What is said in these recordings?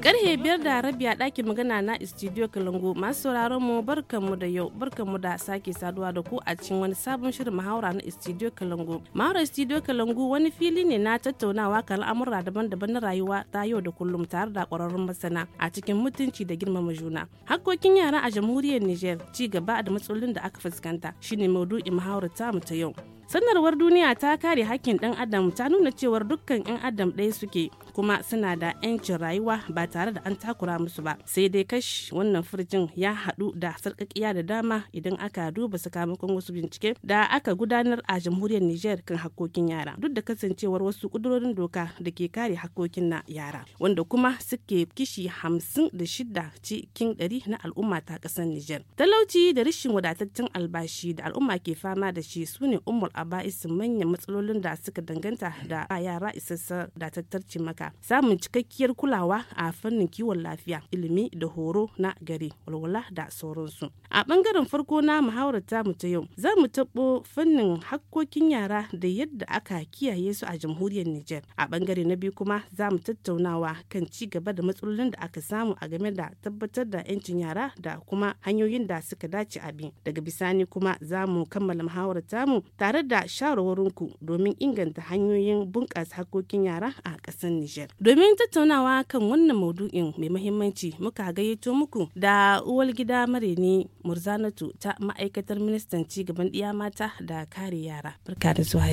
Karhe biyar da rabi a ɗakin magana na studio Kalango masu sauraron mu barkanmu da yau mu da sake saduwa da ku a cikin wani sabon shirin muhawara na studio Kalango. Muhawara studio Kalango wani fili ne na tattaunawa kan al'amura daban-daban na rayuwa ta yau da kullum tare da ƙwararrun masana a cikin mutunci da girmama juna. Hakkokin yara a jamhuriyar Niger ci gaba da matsalolin da aka fuskanta shine maudu'in muhawarar tamu ta yau. sanarwar duniya ta kare hakkin ɗan adam ta nuna cewar dukkan 'yan adam ɗaya suke kuma suna da 'yancin rayuwa ba tare da an takura musu ba sai dai kashi wannan furjin ya haɗu da sarƙaƙiya da dama idan aka duba sakamakon wasu bincike da aka gudanar a jamhuriyar niger kan hakkokin yara duk da kasancewar wasu ƙudurorin doka da ke kare hakkokin na yara wanda kuma suke kishi hamsin da shida cikin ɗari na al'umma ta ƙasar niger talauci da rashin wadataccen albashi da al'umma ke fama da shi su ne umar a ba'isin manyan matsalolin da suka danganta da yara isassa da tattarci maka samun cikakkiyar kulawa a fannin kiwon lafiya ilimi da horo na gari walwala da sauransu a bangaren farko na muhawarar mu ta yau za mu taɓo fannin hakkokin yara da yadda aka kiyaye su a jamhuriyar niger a bangare na biyu kuma za mu tattaunawa kan ci gaba da matsalolin da aka samu a game da tabbatar da 'yancin yara da kuma hanyoyin da suka dace a bi daga bisani kuma za mu kammala muhawarar tamu tare da da shawarwarinku domin inganta hanyoyin bunƙasa hakokin yara a ƙasar Nijar. Domin tattaunawa kan wannan maudu'in mai mahimmanci muka gayyato muku da uwar gida mareni Murzanatu ta ma'aikatar ministan cigaban ɗiya mata da kare yara. Barka da zuwa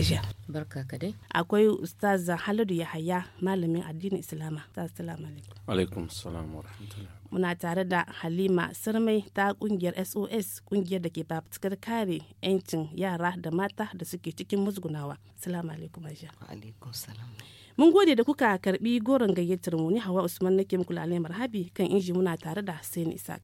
Barka ka dai. Akwai Ustaz Haladu Yahaya malamin addinin Islama. Assalamu alaikum. Alaikum salam wa rahmatullahi. muna tare da halima sirmai ta kungiyar sos kungiyar da ke fafutukar kare 'yancin yara da mata da suke cikin musgunawa salamu alaikum aisha mun gode da kuka karbi goron gayyatar mu ni hawa usman nake muku lalai marhabi kan inji muna tare da hussein isaac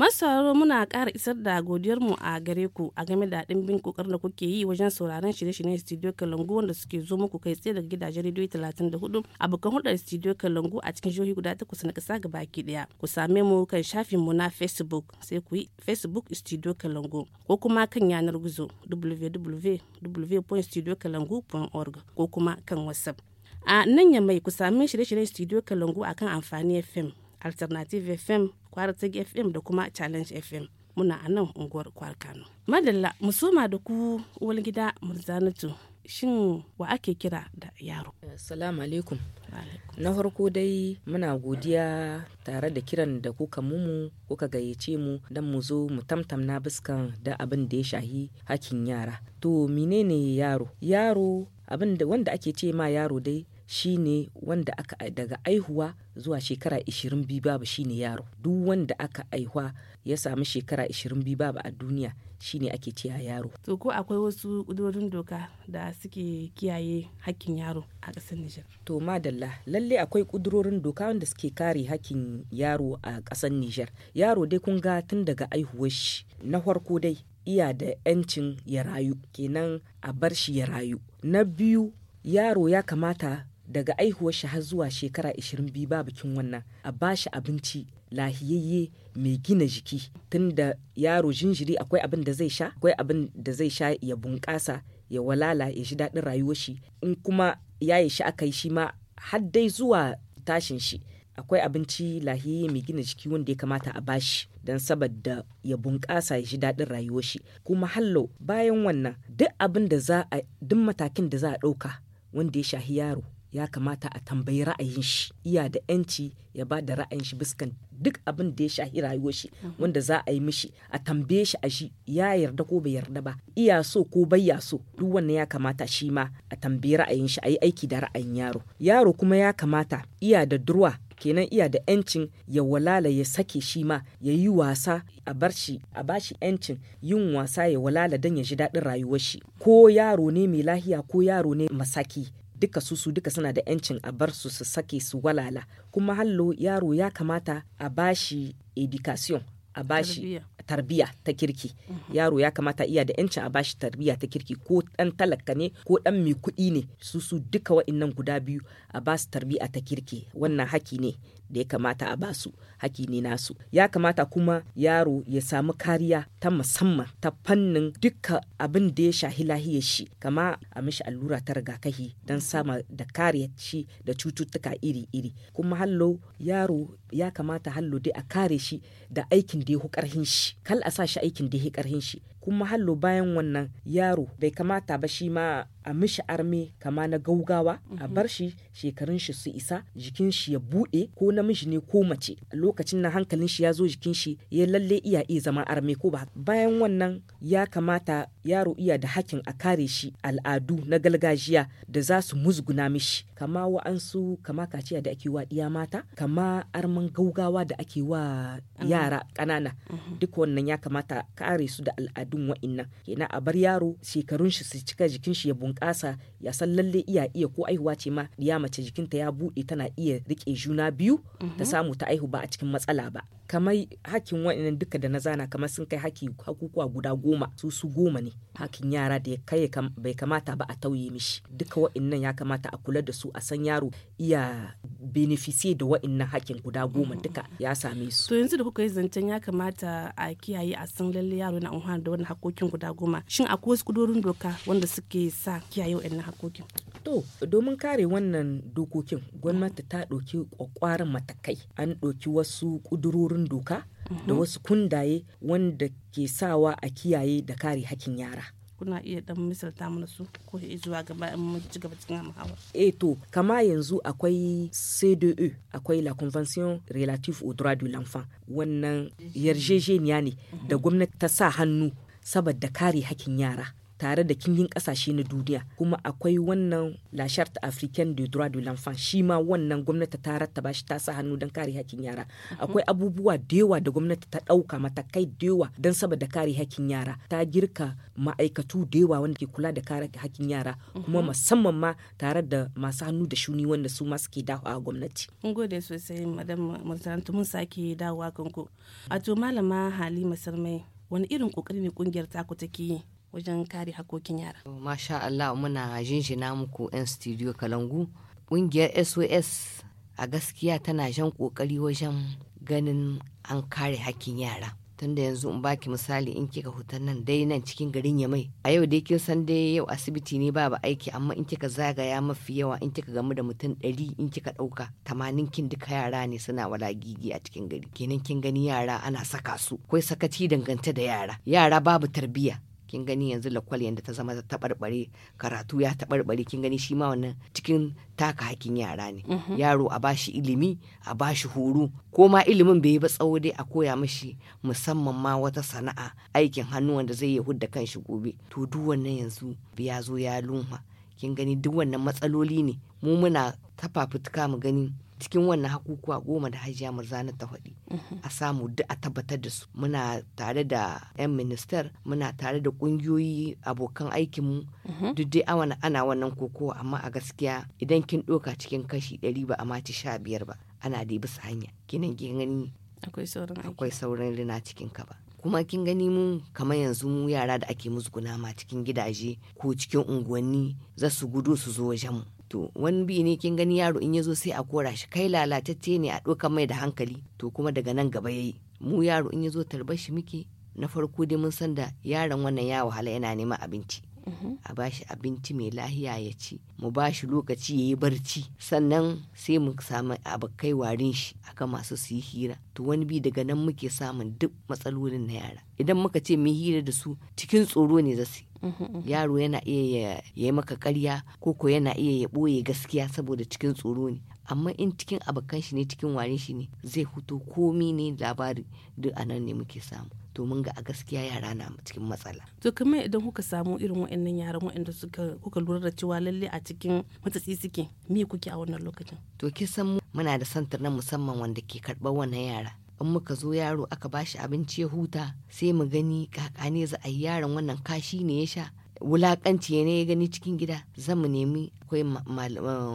masauraro muna ƙara isar da godiyarmu a gare ku a game da ɗimbin ƙoƙarin da kuke yi wajen sauraron shirye-shiryen studio kalangu wanda suke zo muku kai tsaye daga gidajen rediyo 34 abokan hudar studio kalangu a cikin jihohi guda takwas na ƙasa baki ɗaya ku same mu kan shafin mu na facebook sai ku yi facebook studio kalangu ko kuma kan yanar gizo www.studiokalangu.org ko kuma kan whatsapp a nan ya mai ku sami shirye-shiryen studio kalangu akan amfani fm alternative fm kwartag fm da kuma challenge fm muna a nan unguwar kwarkano madalla musoma da ku uwar gida murzanatu shin wa ake kira da yaro assalamu alaikum na farko dai muna godiya tare da kiran da kuka mumu kuka gayyace mu don mu zo mu tamtamna biskan da abin da ya shahi hakin yara to menene yaro yaro abin da wanda ake ce ma yaro dai shi ne wanda aka daga aihuwa zuwa shekara 22 babu shi ne yaro duk wanda aka aihuwa ya samu shekara 22 babu a duniya shi ne ake ciya yaro to ko akwai wasu ƙudurorin doka da suke kiyaye hakkin yaro a ƙasar Nijar to madalla lalle akwai kudurorin doka wanda suke kare hakkin yaro a ƙasar Nijar yaro dai kun ga tun daga aihuwar shi na farko dai iya da 'yancin ya rayu kenan a bar shi ya rayu na biyu yaro ya kamata daga aihuwar shi har zuwa shekara 22 ba bikin wannan a ba shi abinci lahiyayye mai gina jiki tunda yaro jinjiri akwai abin da zai sha akwai abin da zai sha ya bunƙasa ya walala ya ji daɗin rayuwar shi in kuma ya yi shi aka yi shi ma har dai zuwa tashin shi akwai abinci lahiyayye mai gina jiki wanda ya kamata a bashi don saboda ya bunƙasa ya ji daɗin rayuwar shi kuma hallo bayan wannan duk abin da za a duk matakin da za a ɗauka wanda ya shahi yaro ya kamata a tambayi ra'ayin shi iya da yanci ya ba da ra'ayin shi biskan duk abin da ya shahi rayuwar shi mhm. wanda za a yi mishi a tambaye shi a shi ya yarda ko bai yarda ba iya so ko bai ya so duk wannan ya kamata shi ma a tambayi ra'ayin shi a yi aiki da ra'ayin yaro yaro kuma ya kamata iya da durwa kenan iya da yancin ya walala ya sake shi ma ya yi wasa a bar shi a bashi yancin yin wasa ya walala don ya ji daɗin rayuwar shi ko yaro ne mai lahiya ko yaro ne masaki duka su su duka suna da yancin a bar su su sake su walala kuma hallo yaro ya kamata a bashi education a bashi tarbiya ta kirki mhm. yaro ya kamata iya da yancin a bashi tarbiya ta kirki ko dan talaka ne ko dan mai kuɗi ne su su duka wa'annan guda biyu a basu tarbiya ta kirki wannan haki ne da ya kamata a basu haki ne nasu ya kamata kuma yaro ya samu kariya ta musamman ta fannin duka abin da ya shahi lahiyar shi kama a mishi allura ta rigakafi don sama da kariyar shi da cututtuka iri-iri kuma hallo yaro ya kamata hallo dai a kare shi da aikin aikin da ya karhin shi kal a sa shi aikin da ya karhin shi kuma hallo bayan wannan yaro bai kamata ba shi ma a mishi arme kama na gaugawa a mhm. bar shi shekarun shi su isa jikin shi ya bude ko namiji ne ko mace lokacin na hankalin shi ya zo jikin shi ya lalle iya iya zama arme ko ba bayan wannan ya kamata yaro iya da hakin a kare shi al'adu na galgajiya da za su musguna mishi kama wa'ansu kama kaciya da ake wa iya mata kama arman gaugawa da ake wa yara kanana. Mhm. duk wannan ya kamata kare su da al'adun wa'innan kenan a bar yaro shekarun shi su cika jikin shi ya bunƙasa ya san lalle iya iya ko aihuwa ce ma ya mace jikinta ya buɗe tana iya rike juna biyu ta mhm. samu ta aihu ba a cikin matsala ba kamar hakin wa'annan duka da na zana kamar sun kai haki hakukuwa guda goma su su goma ne hakin yara da ya kai bai kamata ba a tauye mishi duka wa'annan ya kamata a kula da su a san yaro iya benefice da wa'annan hakin guda goma mhm. duka ya same su to yanzu da kuka yi zancen ya kamata a kiyaye a san lalle yaro na unhan da wannan hakokin guda goma shin akwai wasu kudurin doka wanda suke sa a kiyaye wa'annan hakokin to domin kare wannan dokokin gwamnati ta ɗauki kwakwaran matakai an ɗauki wasu ƙudurorin doka da mhm. wasu kundaye wanda ke sawa a kiyaye da kare hakkin yara kuna iya dan misalta mana su ko zuwa gaba in mun ci gaba cikin hawa. Eh to kama yanzu akwai CDE akwai la convention relative au droit de l'enfant wannan yarjejeniya ne da mhm. gwamnati ta sa hannu saboda kare hakkin yara tare da kingin kasashe na duniya kuma akwai wannan la charte africaine de droit de l'enfant shi ma wannan gwamnati ta rattaba bashi ta sa hannu don kare hakkin yara mhm. akwai abubuwa da yawa da gwamnati ta dauka matakai da yawa don saboda kare hakkin yara ta girka ma'aikatu da yawa wanda ke kula da kare hakkin yara mhm. kuma musamman ma tare da masu hannu da shuni wanda su ma suke dawo a gwamnati mun gode sosai madam murtanatu mun sake dawowa kanku a to malama halima sarmai wani irin kokari ne kungiyar taku take yi wajen kare hakokin yara. Masha Allah muna jinjina muku 'yan studio Kalangu. Ƙungiyar SOS a gaskiya tana jan ƙoƙari wajen ganin an kare hakkin yara. Tunda yanzu in baki misali in kika hutar nan dai nan cikin garin Yamai. A yau dai kin san dai yau asibiti ne babu aiki amma in kika zagaya mafi yawa in kika gamu da mutum ɗari in kika ɗauka tamanin kin duka yara ne suna walagigi a cikin gari. Kenan kin gani yara ana saka su. Kwai sakaci dangante da yara. Yara babu tarbiyya. kin gani yanzu lakwal yanda ta zama ta taɓarɓare karatu ya taɓarɓare kin gani shi ma wannan cikin taka hakin yara ne mhm. yaro a bashi ilimi a bashi horo ko ma ilimin bai yi ba tsawo dai a koya mashi musamman ma wata sana'a aikin hannu wanda zai yi hudda kan shi gobe to duk wannan yanzu ya zo ya lunwa kin gani duk wannan matsaloli ne mu muna tafafutuka mu gani cikin wannan hakukuwa goma da hajiya zana ta faɗi a samu duk a tabbatar da su muna tare da 'yan minister muna tare da ƙungiyoyi abokan aikinmu duk dai ana wannan kokowa amma a gaskiya idan kin ɗoka cikin kashi ɗari ba a mace sha biyar ba ana dai bisa hanya kinan kin gani akwai sauran akwai sauran rina cikin ka ba kuma kin gani mu kamar yanzu mu yara da ake musguna ma cikin gidaje ko cikin unguwanni za su gudu su zo wajen mu to wani bi ne kin gani yaro in ya zo sai a kora shi kai lalatacce ne a ɗaukan mai da hankali to kuma daga nan gaba yayi mu yaro in yazo zo tarbar shi muke na farko dai mun san da yaron wannan ya wahala yana neman abinci a ba shi abinci mai lahiya ya ci mu ba shi lokaci ya yi barci sannan sai mu samu abokai warin shi aka masu su yi hira to wani bi daga nan muke samun duk matsalolin na yara idan muka ce mu hira da su cikin tsoro ne za su yaro yana iya ya yi maka karya koko yana iya ya ɓoye gaskiya saboda cikin tsoro ne amma in cikin abokan shi ne cikin wane shi ne zai hutu komi ne labari duk nan ne muke samu to mun ga a gaskiya yara na cikin matsala. To kuma idan kuka samu irin waɗannan yaran waɗanda suka kuka lura da cewa lalle a cikin matsatsi suke me kuke a wannan lokacin? To ki san muna da santar na musamman wanda ke karɓar wannan yara. In muka zo yaro aka bashi abinci ya huta sai mu gani kaka ne za a yi yaron wannan kashi ne ya sha wulakanci ne ya gani cikin gida zamu nemi akwai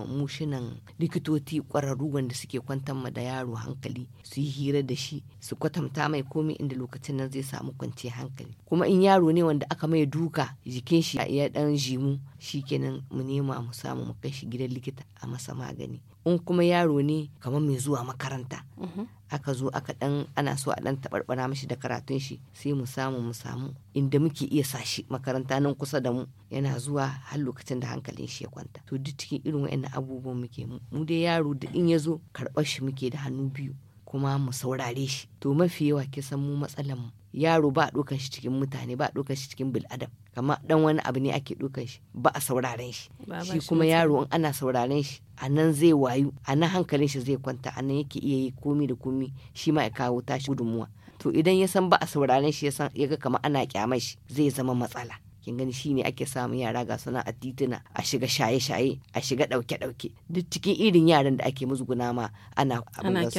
mushinan likitoci ƙwararru wanda suke kwantar ma da yaro hankali su yi hira da shi su kwatanta mai komai inda lokacin nan zai samu kwanciyar hankali kuma in yaro ne wanda aka mai duka jikin shi ya dan jimu kenan mu nema mu samu mu kai shi gidan likita a masa magani in kuma yaro ne kamar mai zuwa makaranta mm-hmm. aka zo aka dan ana so a dan tabarbara mashi da karatun shi sai mu samu mu samu inda muke iya sa makaranta nan kusa da mu yana zuwa har lokacin da hankalin shi ya kwanta to duk cikin irin wayannan abubuwan muke mu mu dai yaro da in ya zo karɓar shi muke da hannu biyu kuma mu saurare shi to mafi yawa kisan mu matsalan mu yaro ba ɗaukar shi cikin mutane ba ɗaukar shi cikin bil'adam kama dan wani abu ne ake ɗaukar shi ba a sauraren shi shi kuma yaro in ana sauraren shi a nan zai wayu a nan hankalin shi zai kwanta a nan yake iya yi komi da komi shi ma ya kawo tashi gudunmuwa to idan ya san ba a sauraren shi ya san ya ga kama ana kyamar shi zai zama matsala kin gani shine ake samun yara ga suna a tituna a shiga shaye-shaye a shiga ɗauke-ɗauke duk cikin irin yaran da ake musguna ma ana ana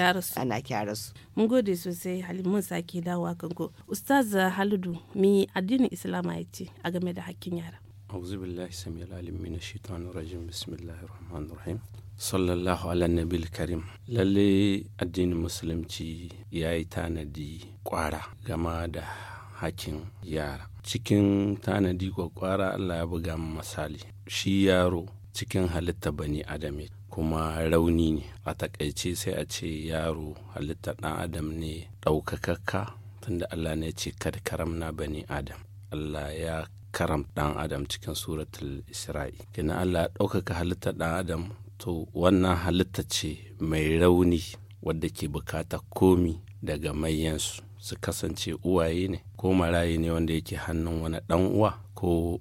kyara su mun gode sosai mun sake dawowa kanko ustaz haludu mi addinin islama yace a game da hakkin yara a'udhu billahi السميع alim من الشيطان الرجيم بسم الله الرحمن الرحيم صلى الله nabil النبي Lalle addinin musulunci المسلم يا تاني دي hakkin yara cikin tanadi kwakwara allah ya buga misali shi yaro cikin halitta bani adam kuma rauni ne a takaice sai a ce yaro halitta ɗan adam ne daukakakka tunda allah ne ce kad na bani adam allah ya karam dan adam cikin suratul isra'i kina allah ya ɗaukaka halitta ɗan adam to wannan halitta ce mai rauni wadda ke bukata komi daga mayansu su kasance uwaye ne ko marayi ne wanda yake hannun wani dan uwa ko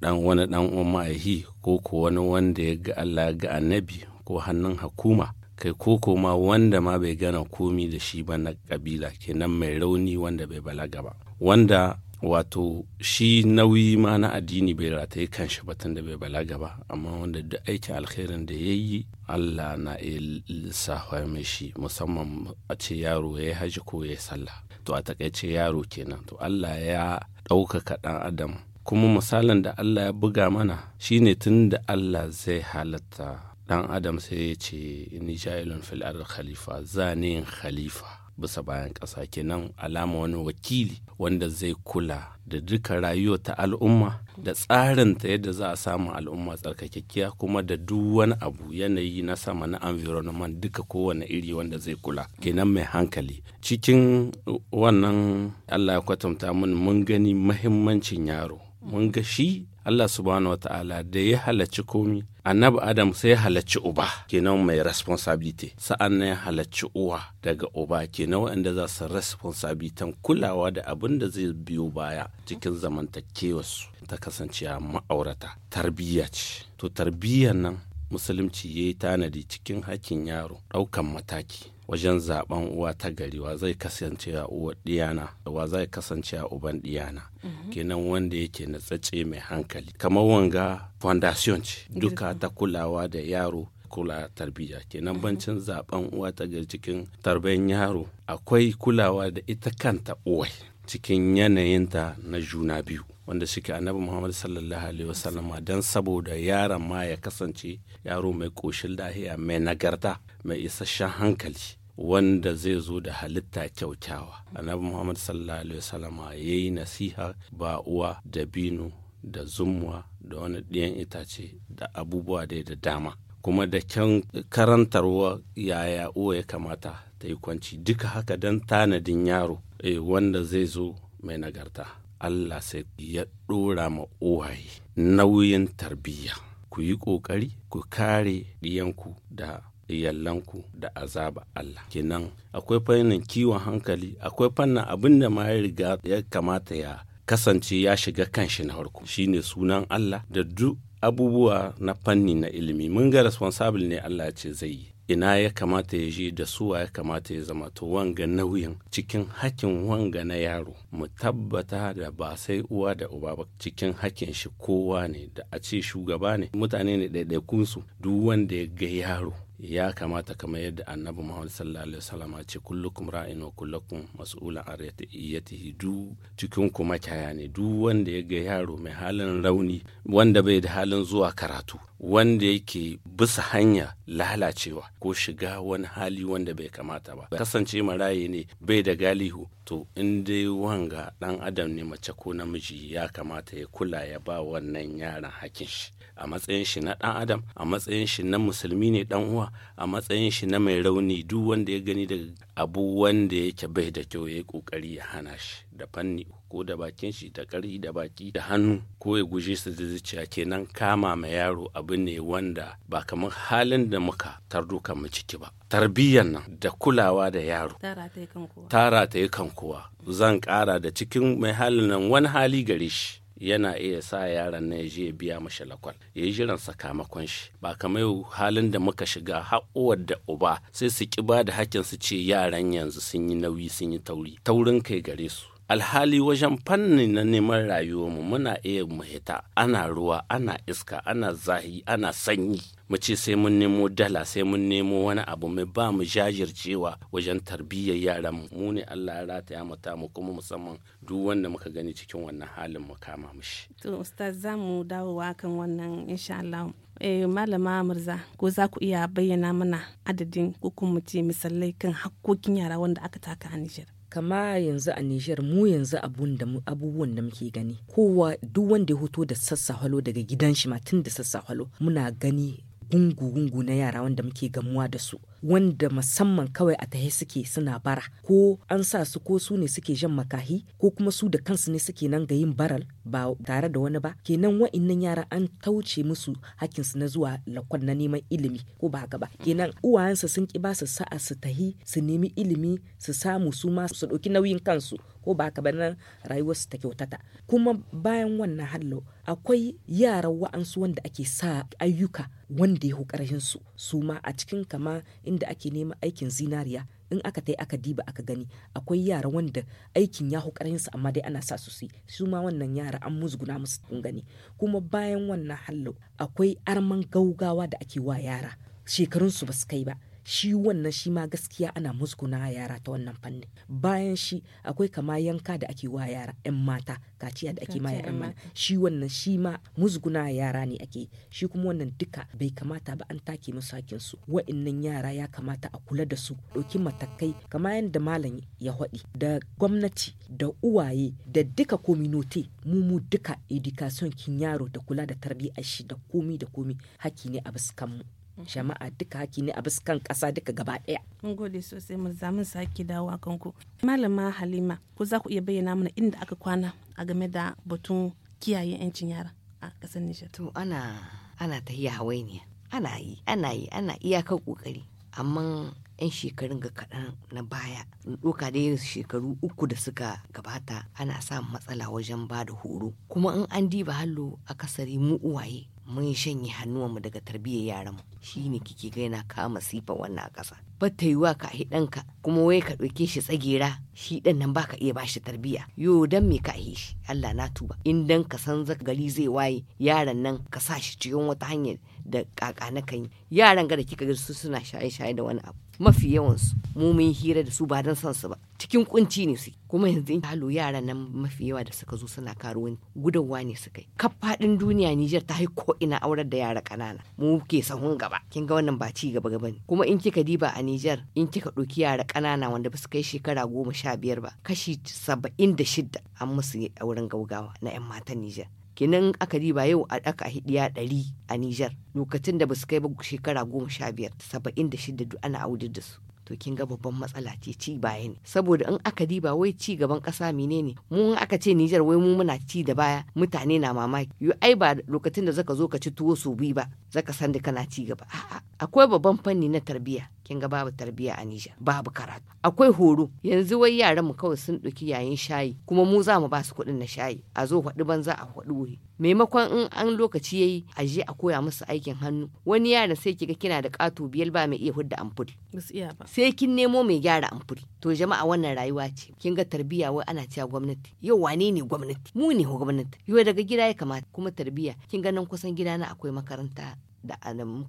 dan eh, wani dan uwan ma'ahi ko ko wani wanda ya ga Allah ga annabi ko hannun hukuma kai ko ko ma wanda ma bai gana komi da shi ba na kabila kenan mai rauni wanda bai balaga ba wanda wato shi nauyi ma na addini bai rataye kanshi ba tun da bai balaga ba amma wanda duk aikin alkhairin da ya yi allah na iya lissafa mai shi musamman a ce yaro ya yi haji ko ya yi sallah to a takaice yaro kenan to Allah ya ɗaukaka ɗan adam kuma misalin da Allah ya buga mana shine tun da Allah zai halatta ɗan adam sai ya ce ni ja'ilun fil khalifa zanin khalifa bisa bayan ƙasa kenan alama wani wakili wanda zai kula da duka rayuwa ta al'umma da tsarin ta yadda za a samu al'umma tsarkakekkiya kuma da duk wani abu yanayi na sama na environment duka kowane iri wanda zai kula kenan mai hankali cikin wannan allah ya kwatanta mun mun gani mahimmancin yaro mun ga shi Allah subhanahu wa ta'ala da ya halarci komi annabi adam sai ya halarci uba kenan mai responsibility sa'an nan ya halarci uwa daga uba kenan wanda za su responsibilitan kulawa da abin da zai biyo baya cikin zamantakewarsu ta kasance a ma'aurata tarbiyya ce to tarbiyyar nan musulunci ya yi tanadi cikin hakkin yaro ɗaukan mataki wajen zaben uwa ta gari wa zai kasance a uwa diyana wa zai kasance a uban diyana mhm. kenan wanda yake natsace mai hankali kamar wanga foundation ce duka ta kulawa da yaro kula tarbiyya kenan mhm. bancin zaben uwa ta gari cikin tarbiyyar yaro akwai kulawa da ita kanta uwai cikin yanayinta na juna biyu wanda suke annabi muhammad sallallahu alaihi wasallam don saboda yaron ma ya kasance yaro mai koshin lahiya mai nagarta mai isasshen hankali wanda zai zo da halitta kyaukyawa annabi muhammad sallallahu alaihi wasallama ya yi nasiha ba uwa da binu da zumwa da wani ɗiyan itace da abubuwa dai da dama kuma da kyan karantarwa yaya uwa ya kamata ta yi kwanci duka haka don tanadin yaro eh, wanda zai zo mai nagarta allah sai ya ɗora ma uwaye nauyin tarbiyya ku yi ƙoƙari ku kare ɗiyanku da yallanku da azaba Allah kenan akwai fannin kiwon hankali akwai fannin abin da ma ya riga ya kamata ya kasance ya shiga kanshi na farko shine sunan Allah da duk abubuwa na fanni na ilimi mun ga responsible ne Allah ce zai yi ina ya kamata ya je da suwa ya kamata ya zama to wanga nauyin cikin hakin wanga na yaro mu tabbata da ba sai uwa da uba ba cikin hakin shi kowa ne da a ce shugaba ne mutane ne ɗaiɗaikunsu duk wanda ya ga yaro ya kamata kamar yadda annabi muhammad sallallahu alaihi wasallam ce kullukum ra'in wa kullukum mas'ulan an ra'iyatihi du cikin kuma kaya ne duk wanda ya ga yaro mai halin rauni wanda bai da halin zuwa karatu wanda yake bisa hanya lalacewa ko shiga wani hali wanda bai kamata ba kasance maraye ne bai da galihu to in dai wanga dan adam ne mace ko namiji ya kamata ya kula ya ba wannan yaran hakin shi a matsayin shi na ɗan adam a matsayin shi na musulmi ne ɗan uwa a matsayin shi na mai rauni duk wanda ya gani daga abu wanda yake bai da kyau ya yi ƙoƙari ya hana shi da fanni ko da bakin shi da ƙari da baki da hannu ko ya guje su da zuciya kenan kama ma yaro abu ne wanda ba kamar halin da muka tardo mu ciki ba tarbiyyar nan da kulawa da yaro tara ta yi kan kowa zan kara da cikin mai halin nan wani hali gare shi yana iya sa yaran na ya je ya biya mashi lakwal ya yi jiran sakamakon shi ba kamar halin da muka shiga haƙuwar da uba sai su ƙi ba da hakin su ce yaran yanzu sun yi nauyi sun yi tauri taurin kai gare su alhali wajen fannin na neman rayuwarmu muna iya mu ana ruwa ana iska ana zahi ana sanyi mu ce sai mun nemo dala sai mun nemo wani abu mai ba mu jajircewa wajen tarbiyyar yaran mu ne Allah ya rataya mata mu kuma musamman duk wanda muka gani cikin wannan halin mu kama mishi to ustaz za mu dawowa kan wannan insha Allah eh malama Murza ko za ku iya bayyana mana adadin ko kuma ce misalai kan hakkokin yara wanda aka taka a Nijar kama yanzu a Nijar mu yanzu abubuwan da muke gani kowa duk wanda ya hoto da sassahalo daga gidan shi ma tun da sassahalo muna gani gungu-gungu na yara wanda muke gamuwa da su wanda musamman kawai a tahe suke suna bara ko an sa su ko su ne suke jan makahi ko kuma su da kansu ne suke nan ga yin baral ba tare da wani ba kenan wa'annan yara an tauce musu su na zuwa lakwal na neman ilimi ko ba gaba kenan uwayensa sun ki ba su sa'a su tahi su nemi ilimi su samu su ma su ɗauki nauyin kansu ko ba ka nan rayuwarsu ta kyautata kuma bayan wannan hallo akwai yara wa'ansu wanda ake sa ayyuka wanda ya hu su su ma a cikin kama inda ake neman aikin zinariya in aka tai aka diba aka gani akwai yara wanda aikin ya hukarin su amma dai ana sa su su su ma wannan yara an musguna musu kun gani kuma bayan wannan hallo akwai arman gaugawa da ake wa yara shekarun su basu kai ba shi wannan shi ma gaskiya ana musguna yara ta wannan fannin bayan shi akwai kama yanka da ake wa yara 'yan mata kaciya da ake ma yan mata shi wannan shi ma musguna yara ne ake shi kuma wannan duka bai kamata ba an take musu hakin su wa'annan yara ya kamata a kula da su ɗauki matakai kama yadda malam ya haɗi da gwamnati da uwaye da duka kominote mu mu duka education kin yaro da kula da tarbiyyar shi da komi da komi haki ne a biskan mu jama'a duka haki ne a kan kasa duka gaba ɗaya. Mun gode sosai mu zamu sake dawo a ku. Malama Halima ko za ku iya bayyana mana inda aka kwana a game da batun kiyaye 'yancin yara a ƙasar Nijar. To ana ana tahiya hawainiya ana yi ana yi ana kan ƙoƙari amma 'yan shekarun ga kaɗan na baya doka da shekaru uku da suka gabata ana samun matsala wajen ba da horo kuma in an diba hallo akasari mu uwaye mun shanye hannuwanmu daga tarbiyyar yaranmu ne kike ga yana kama sifa wannan a ƙasa ba ta yiwuwa ka ahi ɗanka kuma wai ka ɗauke shi tsagera shi ɗan nan baka iya bashi tarbiyya yo dan me ka ahi shi Allah na tuba in dan ka san gari zai waye yaran nan ka sa shi cikin wata hanyar da ƙaƙa na kan yi. yaran ga da kika ga su suna shaye shaye da wani abu mafi yawansu mu mun hira da su ba dan san su ba cikin kunci ne su kuma yanzu in halo yara nan mafi yawa da suka zo suna karuwan gudawa ne suka yi kaf duniya Nijar ta yi ko ina aurar da yara kanana mu ke sahun gaba kin ga wannan ba ci gaba gaba ne kuma in kika diba a Nijar in kika ɗauki yara kanana wanda ba su kai shekara goma sha biyar ba kashi saba'in da shidda an musu auren gaugawa na 'yan matan Nijar kinan aka diba yau a aka hidiya ɗari a Nijar lokacin da basu kai ba shekara goma sha biyar saba'in da shida duk ana audar da su to kin ga babban matsala ce ci baya ne saboda in aka diba wai ci gaban ƙasa menene mu in aka ce Nijar wai mu muna ci da baya mutane na mamaki yo ai ba lokacin da zaka zo ka ci tuwo so bi ba zaka san da kana ci gaba a'a akwai babban fanni na tarbiyya kin ga babu tarbiyya a Nijar babu karatu akwai horo yanzu wai yaran mu kawai sun ɗauki yayin shayi kuma mu za mu ba su kuɗin na shayi a zo faɗi banza a faɗi wuri maimakon in an lokaci yayi a je a koya musu aikin hannu wani yaran sai kiga kina da ƙato biyar ba mai iya hudda amfuri sai kin nemo mai gyara amfuri to jama'a wannan rayuwa ce kin ga tarbiyya wai ana cewa gwamnati yau wane ne gwamnati mu ne gwamnati yau daga gida ya kamata kuma tarbiyya kin ga nan kusan gida na akwai makaranta da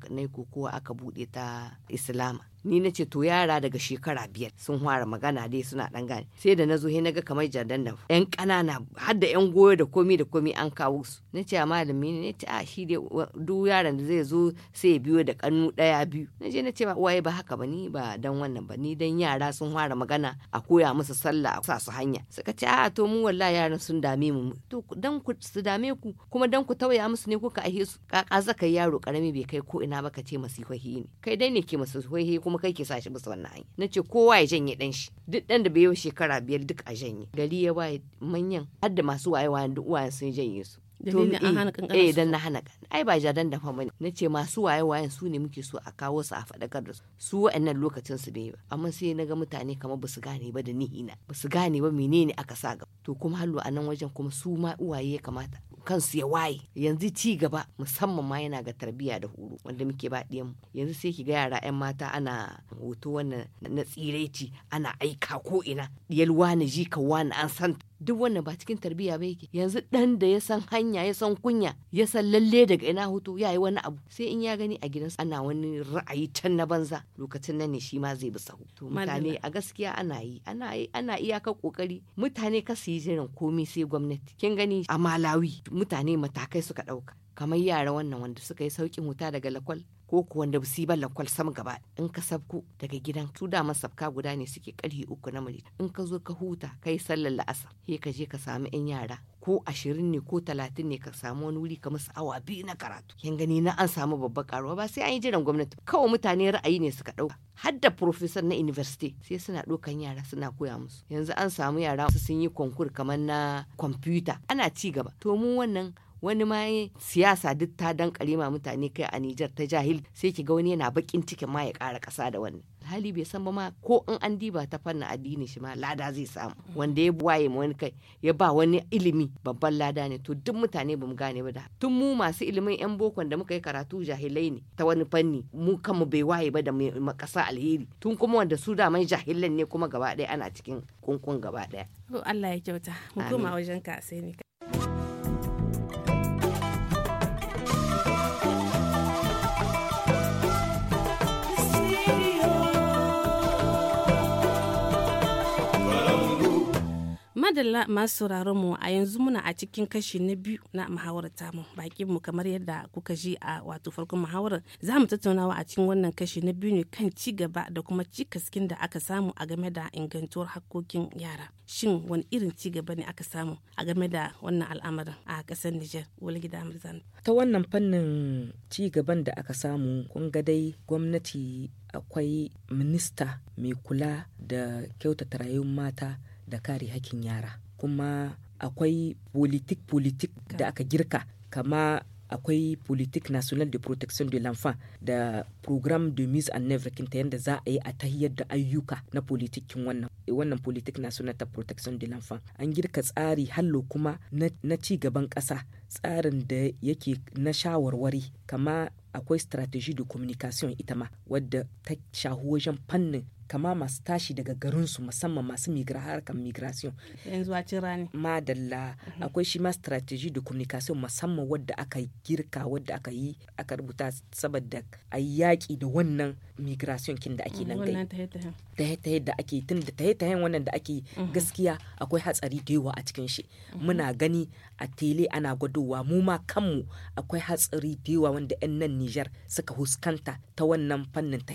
ne ko kowa aka bude ta islama ni na ce to yara daga shekara biyar sun fara magana dai suna dan gane sai da na zo he naga kamar jardan da yan kanana har da yan goyo da komi da komi an kawo su na ce malami ne ce a shi dai duk yaran da zai zo sai ya biyo da kannu daya biyu na je na ce waye ba haka ba ni ba dan wannan ba ni dan yara sun fara magana a koya musu sallah a sa su hanya suka ce a to mu wallahi yaran sun dame mu to dan ku su dame ku kuma dan ku tauya musu ne kuka ahe su kaka zaka yaro karami bai kai ko ina ba ka ce masihohi ne kai dai ne ke masihohi kuma kai ke sa shi bisa wannan hanya na ce kowa ya janye dan shi duk dan da bai yi shekara biyar duk a janye gari ya waye manyan har da masu waye duk uwayen sun janye su dalilin an eh, hana kankana eh, dan na hana ai ba jadan da famani na ce masu waye wayen su ne muke so a kawo su a faɗakar da su su wa'annan lokacin su ne amma sai na ga mutane kamar basu gane ba da nihina basu gane ba menene aka sa gaba to kuma hallo a nan wajen kuma su ma uwaye ya kamata kansu ya waye yanzu ci gaba musamman ma yana ga tarbiyya da horo wanda muke ba mu yanzu sai ki ga yara yan mata ana hoto wannan na tsiraici ana aika ko ina yalwa wani ji ka wani an san duk wannan ba cikin tarbiyya ba yake yanzu dan da ya san hanya ya san kunya ya san lalle daga ina hutu ya yi wani abu sai in ya gani a gidan ana wani ra'ayi can na banza lokacin nan ne shi ma zai bi sahu to mutane a gaskiya ana yi ana yi ana iyakar kokari mutane ka su yi jiran komai sai gwamnati kin gani a malawi mutane matakai suka dauka kamar yara wannan wanda suka yi saukin wuta daga lakwal ko kuwa wanda yi ba lakwal sam gaba in ka sabku daga gidan su da sabka guda ne suke karhi uku na mali in ka zo ka huta kai sallar la'asar he ka je ka samu yan yara ko ashirin ne ko talatin ne ka samu wani wuri ka musu awa biyu na karatu yan gani na an samu babbar karuwa ba sai an yi jiran gwamnati kawai mutane ra'ayi ne suka ɗauka har da professor na university sai suna ɗaukan yara suna koya musu yanzu an samu yara sun yi konkur kamar na kwamfuta ana ci gaba to mu wannan wani ma siyasa duk ta dan ma mutane kai a Nijar ta jahil sai ki ga wani yana bakin cikin ma ya ƙara ƙasa da wannan hali bai san ba ma ko in an diba ta fannin addini shi ma lada zai samu wanda ya waye wani kai ya ba wani ilimi babban lada ne to duk mutane bamu gane ba da tun mu masu ilimin yan bokon da muka yi karatu jahilai ne ta wani fanni mu kanmu bai waye ba da makasa alheri tun kuma wanda su da mai jahilan ne kuma gaba ɗaya ana cikin kunkun gaba ɗaya Allah ya kyauta mu koma wajen ka sai ne madalla masu sauraron mu a yanzu muna a cikin kashi na biyu na muhawarar tamu bakin mu kamar yadda kuka ji a wato farkon muhawarar za mu tattaunawa a cikin wannan kashi na biyu ne kan ci gaba da kuma cikaskin da aka samu a game da ingantuwar hakkokin yara shin wani irin ci gaba ne aka samu a game da wannan al'amarin a kasar Nijar Walgida Murzan ta wannan fannin ci gaban da aka samu kun ga dai gwamnati akwai minista mai kula da kyautata rayuwar mata da kare hakkin yara kuma akwai politik politik da aka girka kama akwai politik national de protection de l'enfant da program de mise en œuvre kinta yadda za a yi a tahiyar da ayyuka na politikin wannan wannan politik national de protection de l'enfant an girka tsari hallo kuma na ci gaban ƙasa tsarin da yake na shawarwari kama akwai strategy de communication ita ma wadda ta shahu wajen fannin kama masu tashi daga garinsu musamman masu migra harkar migration yanzu a cira ne madalla mhm. akwai shi ma strategy da communication musamman wadda aka girka wadda aka yi aka rubuta saboda a yaƙi da wannan migration kin da ake nan gai tahe ta yadda ake tun da ta tahen wannan da ake mhm. gaskiya akwai hatsari da yawa a cikin shi mhm. muna gani a tele ana gwadowa mu ma kanmu akwai hatsari da yawa wanda 'yan nan Nijar suka huskanta ta wannan fannin ta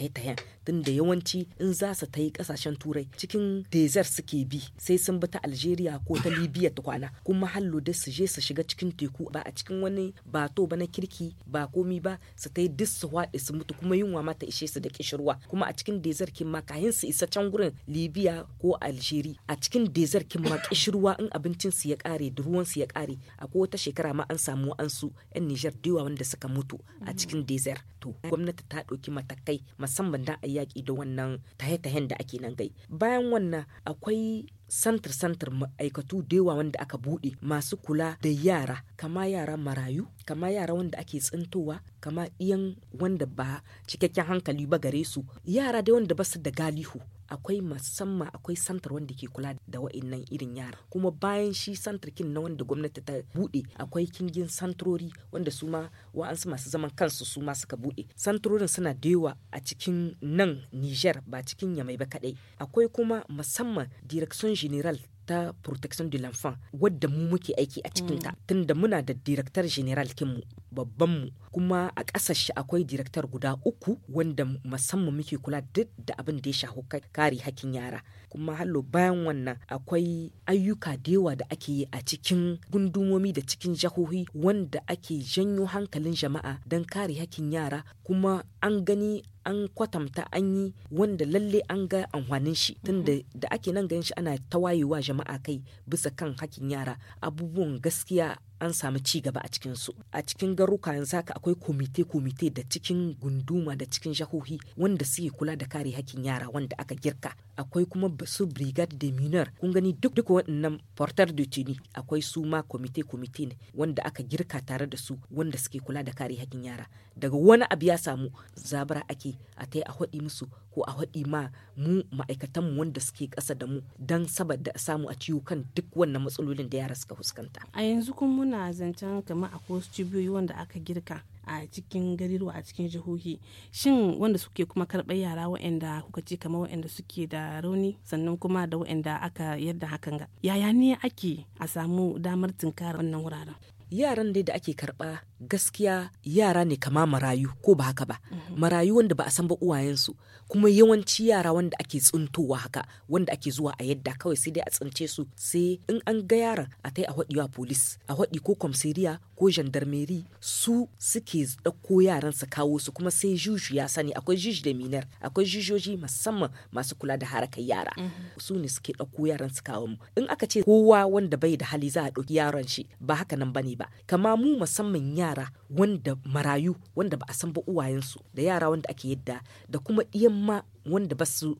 tun da yawanci in za su ta yi kasashen turai cikin dezer suke bi sai sun bi ta algeria ko ta libya ta kwana kuma hallo da su je su shiga cikin teku ba a cikin wani bato ba na kirki ba komi ba su ta yi duk su waɗe su mutu kuma yunwa ma ta ishe su da kishirwa kuma a cikin desert kin ma kayan su isa can gurin libya ko algeria a cikin desert kin ma kishirwa in abincin su ya kare da ruwan su ya kare akwai wata shekara ma an samu an su yan niger da yawa wanda suka mutu a cikin dezer to gwamnati ta ɗauki matakai musamman da a yaƙi da wannan ta tahe-tahen da ake nan gai bayan wannan akwai santar-santar ma'aikatu da yawa wanda aka buɗe masu kula da yara kama yara marayu kama yara wanda ake tsintowa kama iyan wanda ba cikakken hankali ba gare su yara da wanda ba su da galihu akwai musamman akwai santar wanda ke kula da wa'annan irin yara kuma bayan shi santar kin na wanda gwamnati ta bude akwai kingin santrori wanda su ma wa'ansu masu zaman kansu su ma suka bude santrorin suna da yawa a cikin nan Niger ba cikin Yamai ba kadai akwai kuma musamman direction general ta protection de l'enfant wadda mu muke aiki a cikinta mm. tunda muna da director general kinmu babbanmu kuma a ƙasashe akwai director guda uku wanda musamman muke kula duk da abin da ya shafi kare hakkin yara kuma hallo bayan wannan akwai ayyuka da yawa da ake yi a cikin gundumomi da cikin jahohi wanda ake janyo hankalin jama'a don kare hakkin yara kuma an gani an kwatamta an yi wanda lalle an ga amfanin shi tun mhm. da ake nan ganin shi ana tawayewa jama'a kai bisa kan hakin yara abubuwan gaskiya an samu ci gaba a cikin su a cikin garuka yanzu haka akwai komite komite da cikin gunduma da cikin jahohi wanda suke kula da kare hakkin yara wanda aka girka akwai kuma basu brigade de mineur kun gani duk duk waɗannan portar de tuni akwai su ma komite komite ne wanda aka girka tare da su wanda suke kula da kare hakkin yara daga wani abu ya samu zabara ake a ta yi a haɗi musu ko a haɗi ma mu ma'aikatanmu wanda suke ƙasa da mu don saboda samu a ciwo kan duk wannan matsalolin da yara suka fuskanta. A yanzu kuma muna zancen kamar a ko cibiyoyi wanda aka girka a cikin garirwa a cikin jihohi shin wanda suke kuma karɓar yara waɗanda kuka ce kamar waɗanda suke da rauni sannan kuma da waɗanda aka yadda hakan ga yaya ne ake a samu damar tunkarar wannan wuraren yaran dai da ake karɓa gaskiya yara ne kama marayu ko ba haka ba mhm. marayu wanda ba a san ba uwayensu kuma yawanci yara wanda ake tsintowa haka wanda ake zuwa a yadda kawai sai dai a tsince su sai in an ga yaran a tai a haɗi polis a haɗi ko kwamsiriya ko jandarmeri su suke ɗauko yaran su kawo su kuma sai juju ya sani akwai juju da minar akwai jujoji musamman masu kula da harakar yara mhm. su ne suke ɗauko yaran su kawo mu in aka ce kowa wanda bai da hali za a ɗauki yaron shi ba haka nan bane ba kama mu musamman yara yara wanda marayu wanda ba a san ba uwayensu da yara wanda ake yadda da kuma iyan ma wanda ba su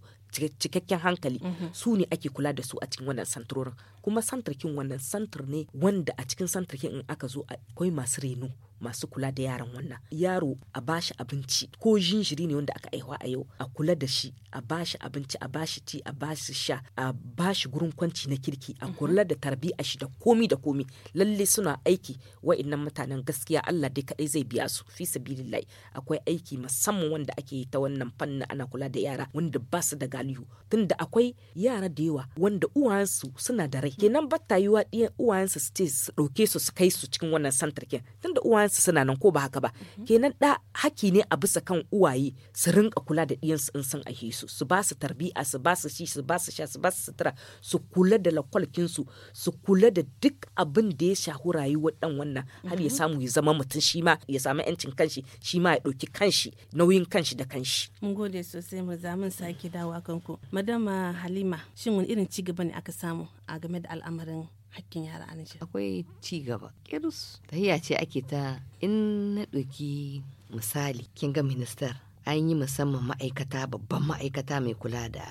cikakken hankali mhm. su ne ake kula da su a cikin wannan santurorin kuma santarkin wannan santur ne wanda a cikin santarkin in aka zo akwai masu reno masu kula da yaran wannan yaro a bashi abinci ko jinjiri ne wanda aka aihuwa a yau a kula da shi a bashi abinci a bashi ci a bashi sha a bashi gurin kwanci na kirki a mhm. kula da tarbiya shi da komi da komi lalle suna aiki wa'annan mutanen gaskiya Allah dai kadai zai biya su fi sabilillahi akwai aiki musamman wanda ake yi ta wannan fannin ana kula da yara wanda ba su da galihu tunda akwai yara da yawa wanda uwansu suna da rai mhm. kenan batta yiwa uwansu su ce su dauke su su kai su cikin wannan santarkin tunda uwayensu iyayensu suna nan ko ba haka ba mhm. kenan da haki ne a bisa kan uwaye su rinka kula da ɗiyansu in sun aihe su su ba su tarbiya su ba su shi su ba su sha su ba su sutura su kula da lakwalkin su su kula da duk abin da ya shahu rayuwar dan wannan har ya mhm. samu ya zama mutum shi ma ya samu yancin kanshi shi ma ya dauki kanshi nauyin kanshi da kanshi. mun gode sosai mu za sake dawo kanku madama uh, halima shin wani irin ci gaba ne aka samu a game da al'amarin hakkin yara a Nijar. Akwai ci gaba. Kirus tahiya ce ake ta in na ɗauki misali kin ga ministar an yi musamman ma'aikata babban ma'aikata mai kula da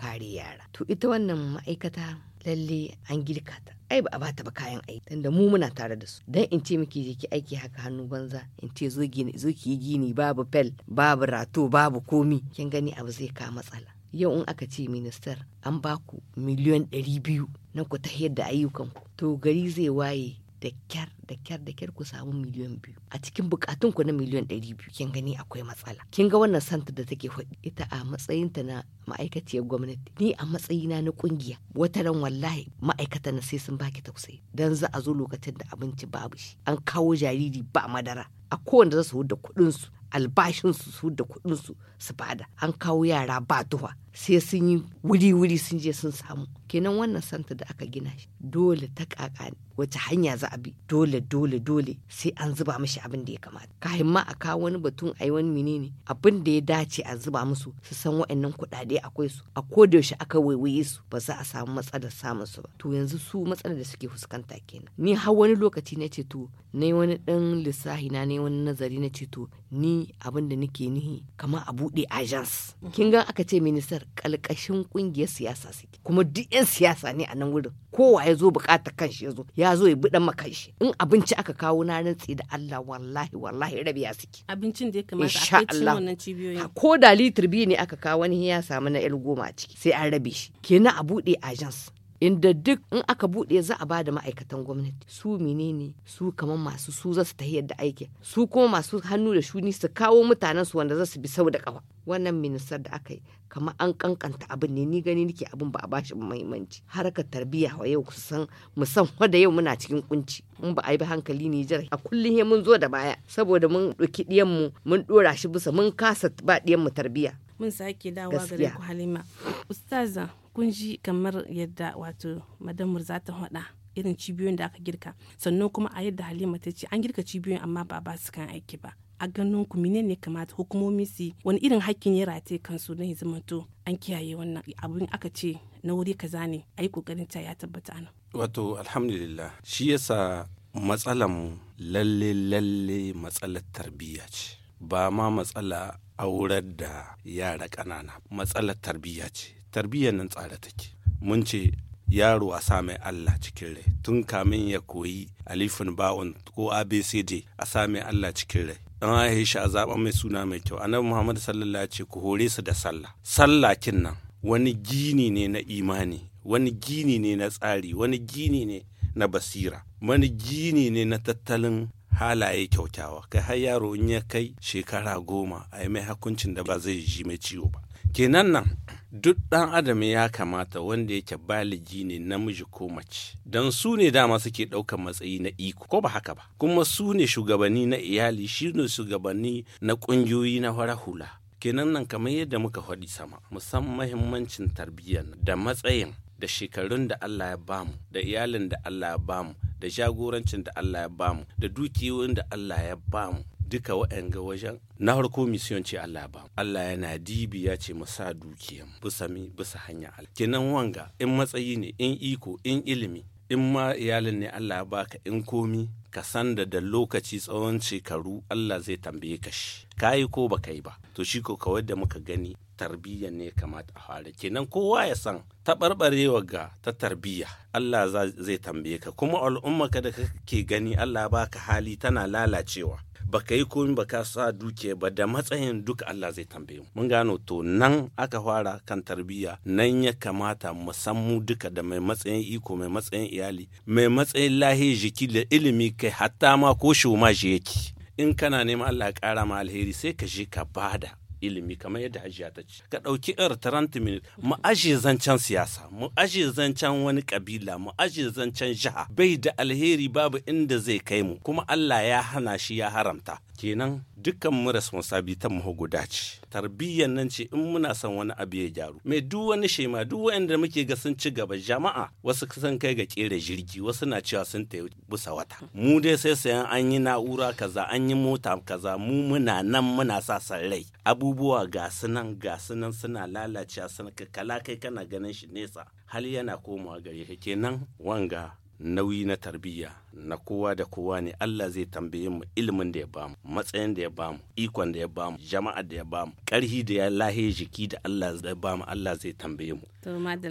kare yara. To ita wannan ma'aikata lalle an girka ta. ai ba a bata ba kayan aiki tunda mu muna tare da su dan in ce miki je ki aiki haka hannu banza in ce zo gini ki gini babu fel babu rato babu komi kin gani abu zai ka matsala yau in aka ce ministar an baku miliyan ɗari biyu na ku ta da ayyukanku to gari zai waye da kyar da kyar da kyar ku samu miliyan biyu a cikin bukatun ku na miliyan ɗari biyu kin gani akwai matsala kin ga wannan santa da take faɗi ita a matsayinta na ma'aikaciyar gwamnati ni a matsayina na kungiya wata ran wallahi ma'aikata na sai sun baki tausayi dan za a zo lokacin da abinci babu shi an kawo jariri ba madara a kowanne za su da kuɗin su albashinsu su da kuɗinsu su bada an kawo yara ba duwa sai sun yi wuri-wuri sun je sun samu kenan wannan santa da aka gina shi dole ta kaka wace hanya za a bi dole dole dole sai an zuba mishi abin da ya kamata kahin ma a kawo wani batun a yi wani menene abin da ya dace a zuba musu su san wa'annan kuɗaɗe akwai su a ko yaushe aka waiwaye su ba za a samu matsalar samun su ba to yanzu su matsalar da suke fuskanta kenan ni har wani lokaci na ce to na yi wani ɗan lissahi na ne wani nazari na ce to ni abin da nake nihi kamar a buɗe agence kin ga aka ce ministar kalkashin ƙungiyar siyasa suke kuma duk yan siyasa ne a nan wurin kowa ya zo buƙatar kanshi ya zo ya zo ya bi dan makanshi in abinci aka kawo na rantsi da Allah wallahi wallahi rabiya suke abincin da ya kamata a kai cin wannan cibiyoyin ko da litir biyu ne aka kawo wani ya samu na el goma a ciki sai an rabe shi kenan a buɗe agence inda duk in aka buɗe za a bada ma'aikatan gwamnati su menene su kamar masu su za su tahiyar da aiki su kuma masu hannu da shuni su kawo mutanen su wanda za bi sau da kafa wannan ministar da aka yi kamar an kankanta abin ne ni gani nake abin ba a bashi muhimmanci harkar tarbiyya wa yau kusan san da yau muna cikin kunci mun ba a yi hankali ne jira a kullum mun zo da baya saboda mun ɗauki ɗiyanmu mun ɗora shi bisa mun kasa ba ɗiyanmu tarbiyya mun sake dawa gare ku halima ustaza kun ji kamar yadda wato madamur za ta haɗa irin cibiyoyin da aka girka sannan kuma a yadda halima ta ce an girka cibiyoyin amma ba ba su kan aiki ba a ganin ku mine ne kamata hukumomi su wani irin hakkin ya rataye kansu na ya zamanto an kiyaye wannan abin aka ce na wuri kaza ne a yi kokarin ta ya tabbata nan. wato alhamdulillah shi yasa matsalan mu lalle lalle matsalar tarbiyya ce ba ma matsala aurar da yara ƙanana matsalar tarbiyya ce tarbiyyar nan tsare take mun ce yaro a sa mai Allah cikin rai tun kamin ya koyi alifin ba'un ko abcd a sa mai Allah cikin rai dan aisha a zaɓa mai suna mai kyau annabi muhammad sallallahu ce ku hore su da sallah sallah kin nan wani gini ne na imani wani gini ne na tsari wani gini ne na basira wani gini ne na tattalin halaye kyautawa kai har yaro in ya kai shekara goma a yi mai hakuncin da ba zai ji mai ciwo ba kenan nan duk ɗan adam ya kamata wanda yake baligi ne namiji ko mace don su ne dama suke ɗaukar matsayi na iko ko ba haka ba kuma su ne shugabanni na iyali shi ne shugabanni na ƙungiyoyi na fara hula kenan nan kamar yadda muka haɗi sama musamman mahimmancin tarbiyyar da matsayin da shekarun da Allah ya bamu da iyalin da Allah ya bamu da jagorancin da Allah ya bamu da dukiyoyin da Allah ya bamu duka wa'anga wajen na harko misiyon ce Allah ba Allah yana dibi ya ce masa dukiyan bisa mi bisa hanya Allah kenan wanga in matsayi ne in iko in ilimi in ma iyalin ne Allah baka in komi ka san da da lokaci tsawon shekaru Allah zai tambaye ka shi ka yi ko baka yi ba to shi ko kawai da muka gani tarbiyya ne kamata a fara kenan kowa ya san taɓarɓarewa ga ta tarbiyya Allah zai tambaye ka kuma al'umma ka da kake gani Allah baka hali tana lalacewa baka yi komi baka sa duke ba da matsayin duka Allah zai tambaye mu mun gano to nan aka fara kan tarbiyya nan ya kamata mu san mu duka da mai matsayin iko mai matsayin iyali mai matsayin lahi jiki da ilimi kai hatta ma ko shi yake in kana neman Allah ya kara ma alheri sai ka je ka bada ilimi kamar yadda hajiya ta ce ka ɗauki yar taranti minit mu aje zancen siyasa mu aje zancen wani kabila mu aje zancen jiha bai da alheri babu inda zai kai mu kuma Allah ya hana shi ya haramta kenan dukkan mu responsabilitan mu guda ce tarbiyyan nan ce in muna son wani abu ya gyaru mai duk wani shema duk wanda muke ga sun ci gaba jama'a wasu sun kai ga kera jirgi wasu na cewa sun ta busa wata mu dai sai sayan an yi na'ura kaza an yi mota kaza mu muna nan muna sa san rai abu abubuwa ga sunan ga sunan suna lalacewa suna kala kai kana ganin shi nesa hali yana komawa gari kenan wanga nauyi na tarbiyya na kowa da kowa ne Allah zai tambaye mu ilimin da ya bamu matsayin da ya bamu ikon da ya bamu jama'a da ya bamu karhi da ya lahe jiki da Allah zai bamu Allah zai tambaye mu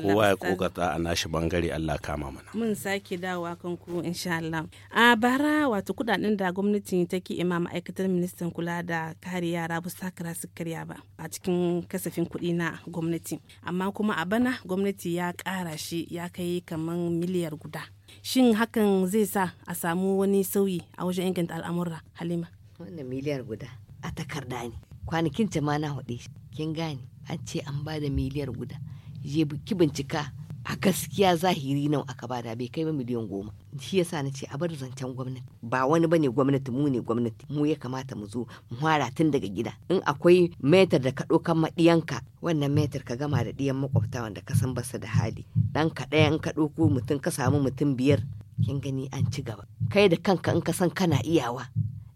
kowa ya kokata a nashi bangare Allah kama mana mun sake dawowa kan ku insha Allah a bara wato kudaden da gwamnati ta ki imam ma'aikatar ministan kula da kare yara bu sakara su karya ba a cikin kasafin kuɗi na gwamnati amma kuma a bana gwamnati ya ƙara shi ya kai kaman miliyar guda shin hakan zai sa a samu wani sauyi a wajen inganta al'amura halima wannan miliyar guda a takarda ne kwanakin ta ma na hudu kin gane an ce an ba da miliyar guda je ki bincika a gaskiya zahiri nan aka bada bai kai ba miliyan goma shi yasa na ce a bar zancen gwamnati ba wani bane gwamnati mu ne gwamnati mu ya kamata mu zo mu fara tun daga gida in akwai metar da ka ɗaukan ka wannan metar ka gama da ɗiyan makwabta wanda ka san basu da hali dan ka ɗaya in ka ɗauko mutum ka samu mutum biyar kin gani an ci gaba kai da kanka in ka san kana iyawa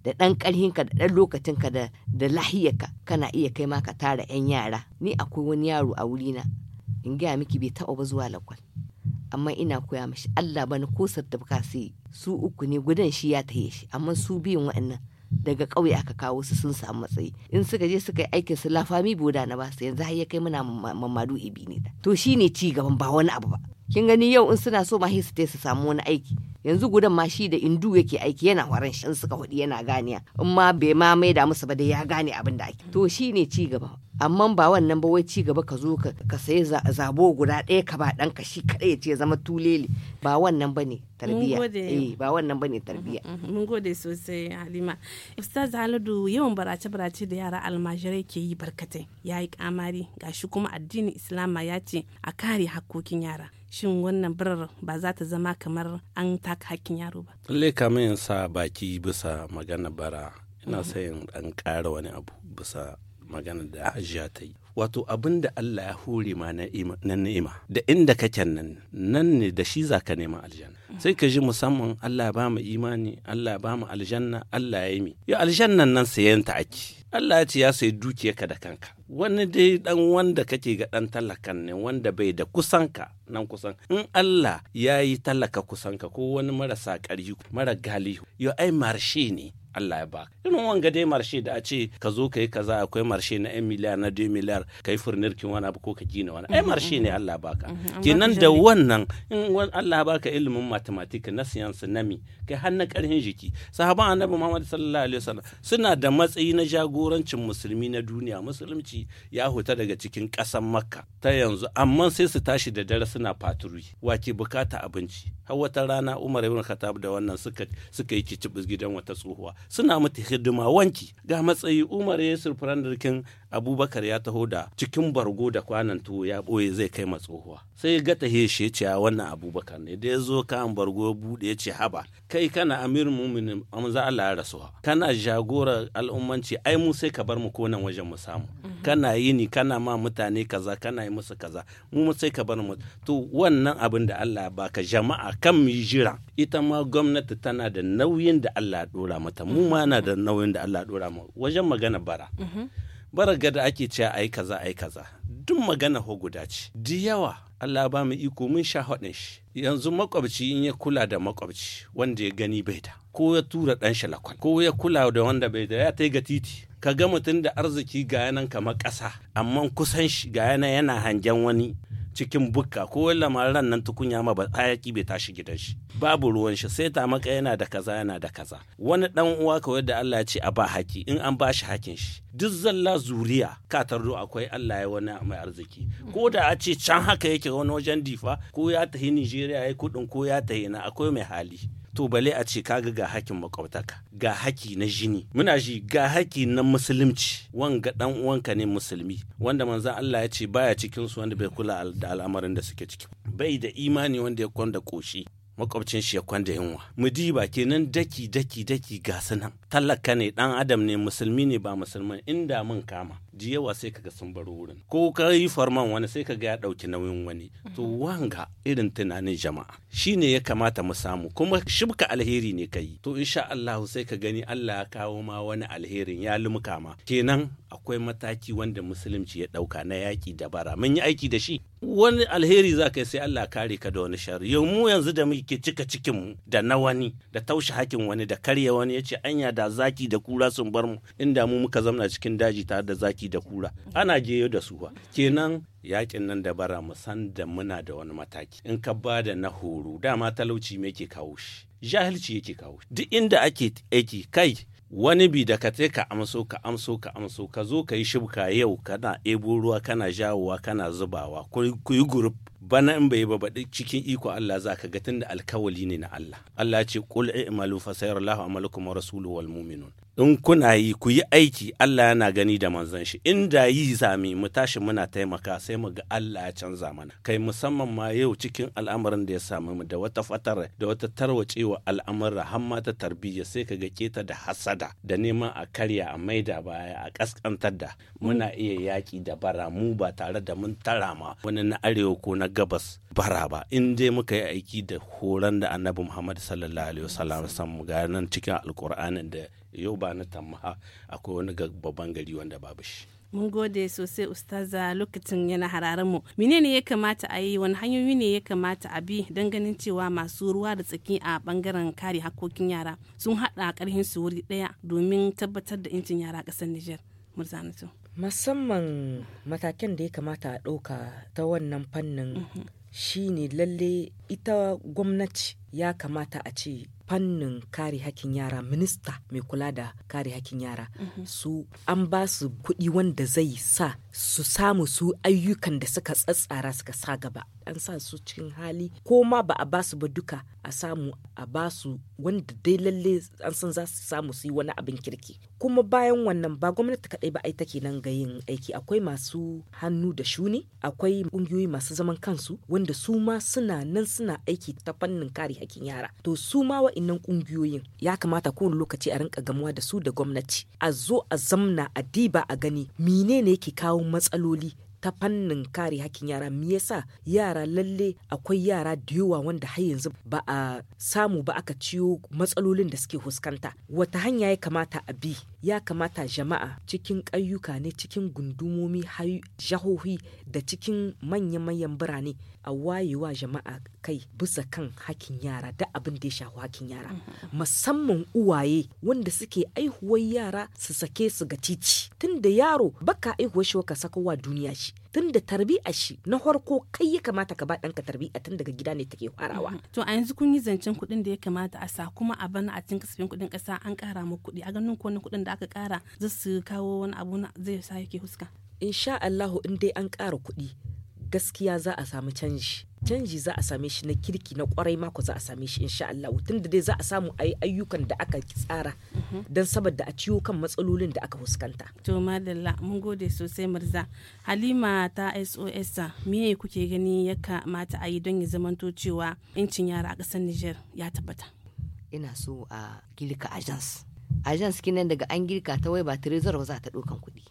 da ɗan ƙarhinka da ɗan lokacinka da da lahiyarka kana iya kai ma ka tara 'yan yara ni akwai wani yaro a wurina in gaya miki bai taɓa ba zuwa lakwal amma ina koya mashi Allah bani ko sattabuka sai su uku ne gudan shi ya taye shi amma su biyun waɗannan daga ƙauye aka kawo su sun samu matsayi in suka je suka yi aikin su lafami boda na basu yanzu har ya kai mana mamadu ibi ne to shine ci gaban ba wani abu ba kin gani yau in suna so ma su su samu wani aiki yanzu gudan ma shi da indu yake aiki yana waran shi in suka hudi yana ganiya in ma bai ma mai da musu ba dai ya gane abin da ake to shine ci gaba amma ba wannan ba wai ci gaba ka zo ka sayi zabo guda ɗaya ka ba ka shi kaɗai ya ce zama tulele ba wannan bane tarbiya eh ba wannan bane tarbiya mm-hmm, mm-hmm. mun gode sosai halima ustaz haladu yawan barace barace da yara almajirai ke yi barkatai yayi kamari gashi kuma addinin islama ya ce a kare hakokin yara shin wannan birar ba za ta zama kamar an taka hakkin yaro ba. Lalle kamar yin sa baki bisa magana bara ina mhm. sayin an ƙara wani abu bisa magana da hajiya ta yi. Wato abin da Allah ya hore ma na ni'ima da inda kake nan nan ne da shi za ka nema aljanna. sai ka ji musamman Allah ba mu imani Allah ba mu aljanna Allah ya yi mi ya aljannan nan sayan ta ake Allah ya ce ya sayi dukiyarka da kanka wani dai dan wanda kake ga dan talakan ne wanda bai da kusanka nan kusan in Allah ya yi talaka kusanka ko wani marasa ƙarfi mara galihu yo ai marshe ne Allah ya baka irin wanga dai marshe da a ce ka zo kai kaza akwai marshe na 1 miliyar na 2 miliyar kai furnirkin wani abu ko ka gina wani ai marshe ne Allah ya baka mhm, mhm. kenan da wannan in Allah baka ilimin matematik na science na mi kai har na karhin jiki sahaban annabi Muhammad sallallahu alaihi wasallam suna da matsayi na jagorancin musulmi na duniya musulunci ya huta daga cikin ƙasar Makka ta yanzu amma sai su tashi da dare suna faturi wake bukata abinci har wata rana Umar ibn Khattab da wannan suka suka yi kicibis gidan wata tsohuwa suna mata hidima wanki ga matsayi umar ya surfurandarkin abubakar ya taho da cikin bargo da kwanan tuwo ya ɓoye zai kai matsohuwa sai ga ta heshe ce wannan abubakar ne da ya zo kan bargo ya buɗe ya ce haba kai kana amirin muminin amza Allah ya rasuwa kana jagora al'ummanci ai mu sai ka bar mu ko nan wajen mu samu mhm. kana yi ni kana ma mutane kaza kana yi musu kaza mu mu sai ka bar mu to wannan abin da Allah ka jama'a kan mu jira ita ma gwamnati tana da nauyin da Allah ya dora mata mu ma na da nauyin da Allah ya dora mu wajen magana bara mhm. bara gada ake cewa ai kaza ai kaza duk magana ho guda ce di yawa Allah ba mu iko mun sha haɗin shi yanzu makwabci in ya kula da makwabci wanda ya gani bai da ko ya tura ɗan shalakwal ko ya kula da wanda bai da ya ta ga titi ka ga mutum da arziki ga yanan kamar ƙasa amma kusan shi ga yana hangen wani cikin bukka ko ran nan tukunya ma ba hayaki bai tashi gidan shi babu ruwan shi sai ta maka yana da kaza yana da kaza wani dan uwa ka da Allah ya ce a ba haki in an ba shi hakin shi duk zalla zuriya ka tardo akwai Allah ya wani mai arziki ko da a ce can haka yake wani wajen difa ko ya tahi Nigeria ya kudin ko ya tahi na akwai mai hali to bale a ce kaga ga hakin makwabtaka ga haki na jini muna ji ga haki na musulunci wanga dan uwanka ne musulmi wanda manzon Allah ya ce baya cikin su wanda bai kula da al'amarin da suke ciki bai da imani wanda ya kwanda koshi makwabcin shi ya kwanda yunwa mu diba kenan daki daki daki ga sunan. talaka ne dan adam ne musulmi ne ba musulman inda mun kama ji yawa sai kaga sun baro wurin ko ka yi farman wani sai kaga ya ɗauki nauyin wani to wanga irin tunanin jama'a shine ya kamata mu samu kuma shibka alheri ne ka yi to insha Allah sai ka gani Allah ya kawo ma wani alherin ya lumka ma kenan akwai mataki wanda musulunci ya ɗauka na yaki dabara. mun yi aiki da shi wani alheri za ka yi sai Allah kare ka da wani shari yau mu yanzu da muke cika cikin mu da na wani da taushe hakin wani da karya wani yace anya da zaki da kura sun bar mu inda mu muka zamna cikin daji tare da zaki da kura ana jeyo da su kenan yakin nan da bara mu san da muna da wani mataki in ka ba da na horo dama talauci me ke kawo shi jahilci yake kawo duk inda ake aiki kai wani bi da ka te ka amso ka amso ka amso ka zo ka yi shibka yau kana ebo ruwa kana jawowa kana zubawa ku yi gurup bana in bai ba cikin iko Allah za ka ga tunda alkawali ne na Allah Allah ce qul i'malu fa Allahu amalukum wa rasuluhu wal mu'minun in kuna yi ku yi aiki Allah yana gani da manzon shi inda yi zami mu tashi muna taimaka sai mu ga Allah ya canza mana kai musamman ma yau cikin al'amarin da ya samu mu da wata fatar da wata tarwacewa al'amarin har ma ta tarbiyya sai ka ga keta da hasada da neman a karya a maida baya a kaskantar da muna iya yaki da bara mu ba tare da mun tara ma wani na arewa ko na gabas bara ba in dai muka yi aiki da horon da annabi Muhammad sallallahu alaihi wasallam ga nan cikin alkur'anin da yau ba na tamaha akwai wani babban gari wanda babu shi mun gode sosai ustaza lokacin yana hararin mu menene ya kamata a yi wani hanyoyi ne ya kamata a bi don ganin cewa masu ruwa da tsaki a bangaren kare hakokin yara sun hada karhin su wuri daya domin tabbatar da incin yara kasar Niger murzanatu musamman matakin da ya kamata a ɗauka ta wannan fannin mhm. shine lalle ita gwamnati ya kamata a ce fannin kare hakin yara minista mai kula da kare hakin yara mhm. su an ba su kuɗi wanda zai sa su samu su ayyukan da suka tsatsara suka sa gaba an sa su cikin hali ko ma ba a ba su ba duka a samu a ba su wanda dai lalle an san za su samu su yi wani abin kirki kuma bayan wannan ba gwamnati kaɗai ba ai take nan ga yin aiki akwai masu hannu da shuni akwai ƙungiyoyi masu zaman kansu wanda su ma suna nan suna aiki ta fannin kare hakin yara to su ma wa'innan kungiyoyin ya kamata kowane lokaci a rinka gamuwa da su da gwamnati a zo a zamna a diba a gani menene yake kawo matsaloli ta fannin kare hakkin yara me yasa yara lalle akwai yara da yawa wanda har yanzu ba a samu ba aka ciyo matsalolin da suke fuskanta wata hanya ya kamata a bi ya kamata jama'a cikin ƙayyuka ne cikin gundumomi jahohi da cikin manya-manyan birane a wayewa jama'a kai bisa kan hakin yara da abin da ya shafi hakin yara mm-hmm. musamman uwaye wanda suke aihuwar yara su sake su ga titi tunda yaro baka aihuwar shi ka sakowa duniya shi tun da tarbi'a shi na farko kai ya kamata ka ba ɗanka tarbi'a tun daga gida ne take farawa. Mhm. To a yanzu kun yi zancen kuɗin da ya kamata a sa kuma a bana a cikin kasafin kuɗin ƙasa an ƙara mu kuɗi a ganin ko kuɗin da aka ƙara za su kawo wani abu zai sa yake huska. Insha Allahu in dai an ƙara kuɗi gaskiya za a samu canji canji za a same shi na kirki na kwarai mako za a same shi insha Allah tun da dai za a samu a ayyukan da aka tsara mhm. don saboda a ciwo kan matsalolin da aka fuskanta. To madalla mun gode sosai murza Halima ta SOS me kuke gani ya kamata a yi don ya zamanto cewa incin yara a ƙasar Niger ya tabbata. Ina so a girka agents. Agents kinan daga an girka ta wai ba trezor ba za ta ɗaukan kuɗi.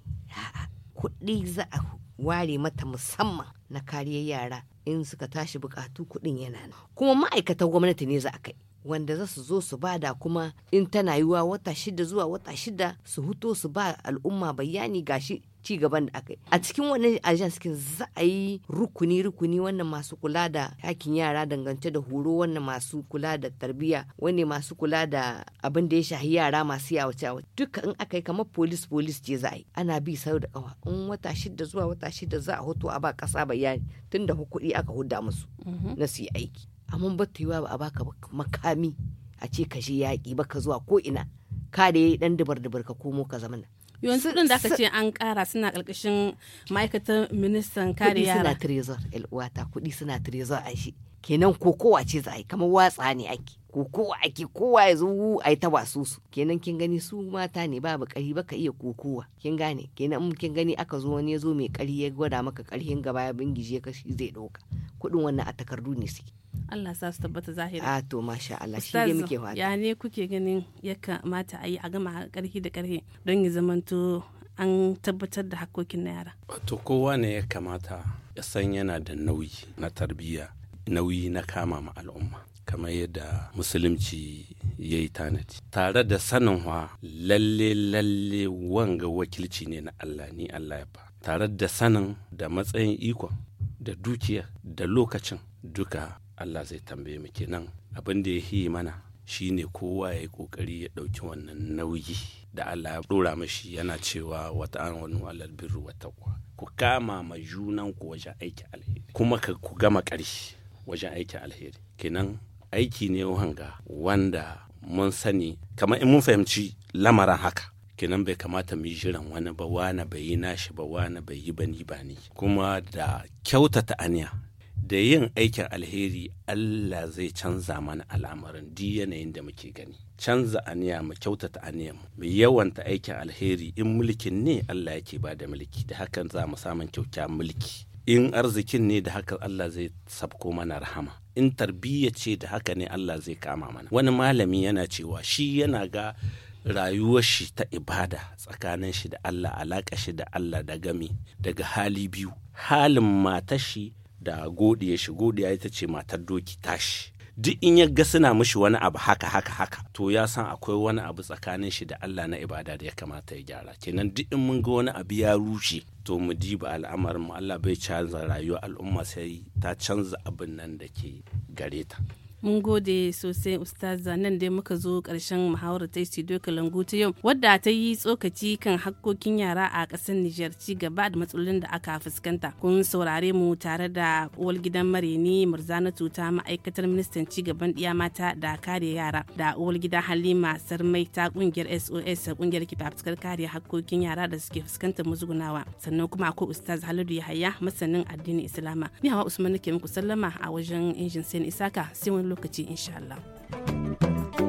Kuɗi za a ware mata musamman na kariyar yara in suka tashi bukatu kuɗin yana nan kuma ma'aikatan gwamnati ne za a kai wanda za su zo su bada kuma in tana yiwa wata shida zuwa wata shida su huto su ba al'umma bayani shi ci gaban da aka yi a cikin wannan ajiyar za a yi rukuni rukuni wannan masu kula da hakin yara dangance da horo wannan masu kula da tarbiyya wani masu kula da abin da ya shahi yara masu yawace yawace duka in aka yi kamar polis polis ce za a yi ana bi sau da kawa in wata shida zuwa wata shida za a hoto a ba kasa bayani tun da kuɗi aka hudda musu mhm. na su yi aiki amma ba ta yiwa ba a baka makami a ce ka je yaƙi ba ka zuwa ko ina ka da yayi dan dubar dubar ka komo ka zama yanzu din da aka ce an ƙara suna ƙarƙashin ma'aikatan ministan kare yara kuɗi suna trezor uwata kuɗi suna trezor a shi kenan kokowa ce za a yi kamar watsa ne ake kokowa ake kowa ya zo a yi ta su su kenan kin gani su mata ne babu ƙari baka iya kokowa kin gane kenan kin gani aka zo wani ya zo mai ƙari ya gwada maka ƙarhin gaba ya bingije ka shi zai ɗauka kuɗin wannan a takardu ne suke Allah sa su tabbata zahiri. A ah, to masha Allah shi ne muke fata. Ya ne kuke ganin ya kamata a yi a gama karhi da karhi don ya zamanto an tabbatar da hakokin na yara. Wato kowa ne ya kamata ya san yana da nauyi na tarbiyya nauyi na kama ma al'umma kamar yadda musulunci ya yi tanadi tare da sanin wa lalle lalle wanga wakilci ne na Allah ni Allah ya fa tare da sanin da matsayin ikon da dukiya da lokacin duka Allah zai tambaye mu kenan abin da ya yi mana shine kowa ya yi kokari ya ɗauki wannan nauyi da Allah ya ɗora mashi yana cewa wata an wani alal birru wa taqwa ku kama ma junan ku wajen aiki alheri kuma ka ku gama ƙarshe wajen aiki alheri kenan aiki ne wanga wanda mun sani kamar in mun fahimci lamarin haka kenan bai kamata mu yi jiran wani ba wani bai yi nashi ba wani bai yi ba ni ba ni kuma da kyautata aniya da yin aikin alheri Allah zai canza mana al'amarin di yanayin da muke gani canza aniya mu kyautata aniya mu yawanta aikin alheri in mulkin ne Allah yake ba da mulki da hakan za mu samun kyauta mulki in arzikin ne da haka Allah zai sabko mana rahama in tarbiyya ce da haka ne Allah zai kama mana wani malami yana cewa shi yana ga rayuwar shi ta ibada tsakanin shi da Allah alaka shi da Allah da gami daga hali biyu halin matashi. shi da godiya shi godiya ita ce matar doki tashi duk in ya ga suna mishi wani abu haka haka haka to ya san akwai wani abu tsakanin shi da Allah na ibada da ya kamata ya gyara kenan duk in mun ga wani abu ya rushe to mu diba al'amarin mu Allah bai canza rayuwar al'umma sai ta canza abin nan da ke gare ta mun gode sosai ustaza nan dai muka zo karshen muhawar ta studio kalangu ta yau wadda ta yi tsokaci kan hakkokin yara a ƙasar nijar ci gaba da matsalolin da aka fuskanta kun saurare mu tare da uwar gidan mareni Murzana ta ma'aikatar ministan ci gaban ɗiya mata da kare yara da uwar gida halima sarmai ta kungiyar sos kungiyar kifafuskar kare hakkokin yara da suke fuskantar musgunawa sannan kuma akwai ustaz Haladu yahaya masanin addinin islama ni hawa usman nake muku sallama a wajen injin sen isaka sai lokaci insha Allah.